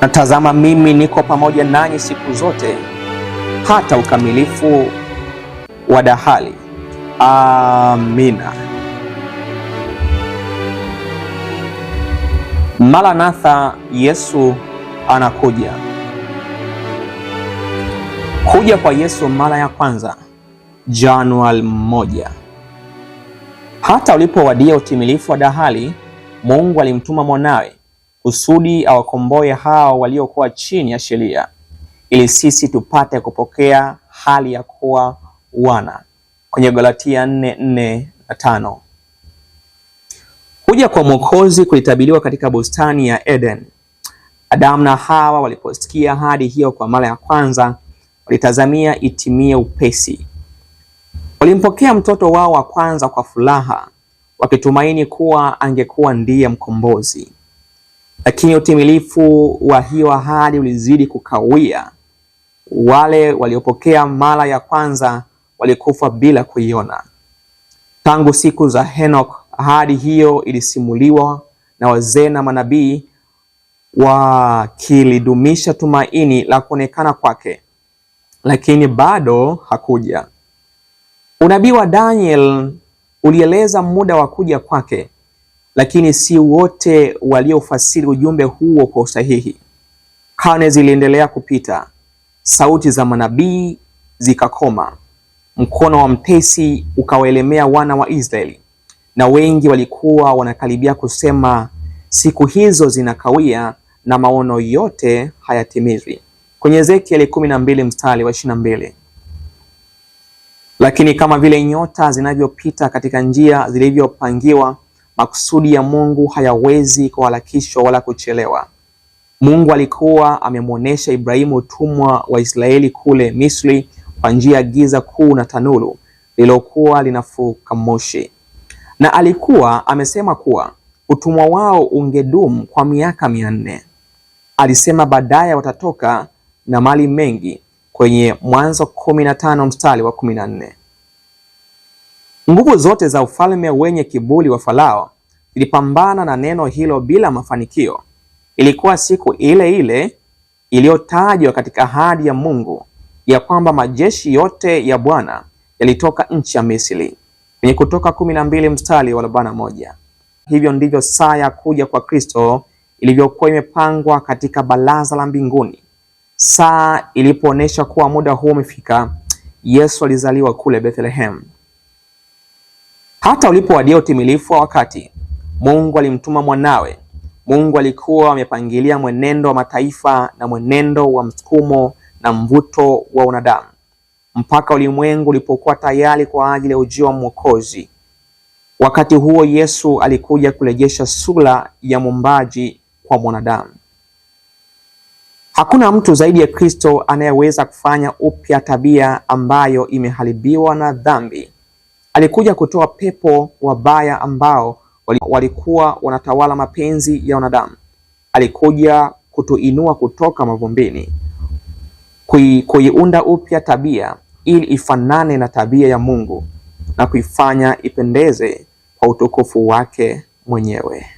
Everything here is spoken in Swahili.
na tazama, mimi niko pamoja nanyi siku zote hata ukamilifu wa dahali. Amina. Maranatha, Yesu anakuja. Kuja kwa Yesu mara ya kwanza Januari moja. Hata ulipowadia utimilifu wa dahali, Mungu alimtuma mwanawe kusudi awakomboe hao waliokuwa chini ya sheria, ili sisi tupate kupokea hali ya kuwa wana, kwenye Galatia 4:4 na 5. Kuja kwa Mwokozi kulitabiliwa katika bustani ya Eden. Adamu na Hawa waliposikia hadi hiyo kwa mara ya kwanza, walitazamia itimie upesi. Walimpokea mtoto wao wa kwanza kwa furaha, wakitumaini kuwa angekuwa ndiye mkombozi lakini utimilifu wa hiyo ahadi ulizidi kukawia. Wale waliopokea mara ya kwanza walikufa bila kuiona. Tangu siku za Henok, ahadi hiyo ilisimuliwa na wazee na manabii, wakilidumisha tumaini la kuonekana kwake, lakini bado hakuja. Unabii wa Daniel ulieleza muda wa kuja kwake lakini si wote waliofasiri ujumbe huo kwa usahihi. Karne ziliendelea kupita, sauti za manabii zikakoma, mkono wa mtesi ukawaelemea wana wa Israeli, na wengi walikuwa wanakaribia kusema siku hizo zinakawia na maono yote hayatimizwi, kwenye Ezekieli kumi na mbili mstari wa ishirini na mbili. Lakini kama vile nyota zinavyopita katika njia zilivyopangiwa Makusudi ya Mungu hayawezi kuharakishwa wala kuchelewa. Mungu alikuwa amemwonyesha Ibrahimu utumwa wa Israeli kule Misri kwa njia ya giza kuu na tanuru lililokuwa linafuka moshi, na alikuwa amesema kuwa utumwa wao ungedumu kwa miaka mia nne. Alisema baadaye watatoka na mali mengi kwenye Mwanzo kumi na tano mstari wa kumi na nne. Nguvu zote za ufalme wenye kiburi wa Farao ilipambana na neno hilo bila mafanikio. Ilikuwa siku ile ile iliyotajwa katika ahadi ya Mungu ya kwamba majeshi yote ya Bwana yalitoka nchi ya Misri, kwenye Kutoka kumi na mbili mstari wa arobaini na moja. Hivyo ndivyo saa ya kuja kwa Kristo ilivyokuwa imepangwa katika baraza la mbinguni. Saa ilipoonyesha kuwa muda huo umefika, Yesu alizaliwa kule Bethlehem. Hata ulipowadia utimilifu wa wakati Mungu alimtuma mwanawe. Mungu alikuwa amepangilia mwenendo wa mataifa na mwenendo wa msukumo na mvuto wa wanadamu mpaka ulimwengu ulipokuwa tayari kwa ajili ya ujio wa Mwokozi. Wakati huo Yesu alikuja kurejesha sura ya mwumbaji kwa mwanadamu. Hakuna mtu zaidi ya Kristo anayeweza kufanya upya tabia ambayo imeharibiwa na dhambi. Alikuja kutoa pepo wabaya ambao walikuwa wanatawala mapenzi ya wanadamu. Alikuja kutuinua kutoka mavumbini, kuiunda upya tabia ili ifanane na tabia ya Mungu na kuifanya ipendeze kwa utukufu wake mwenyewe.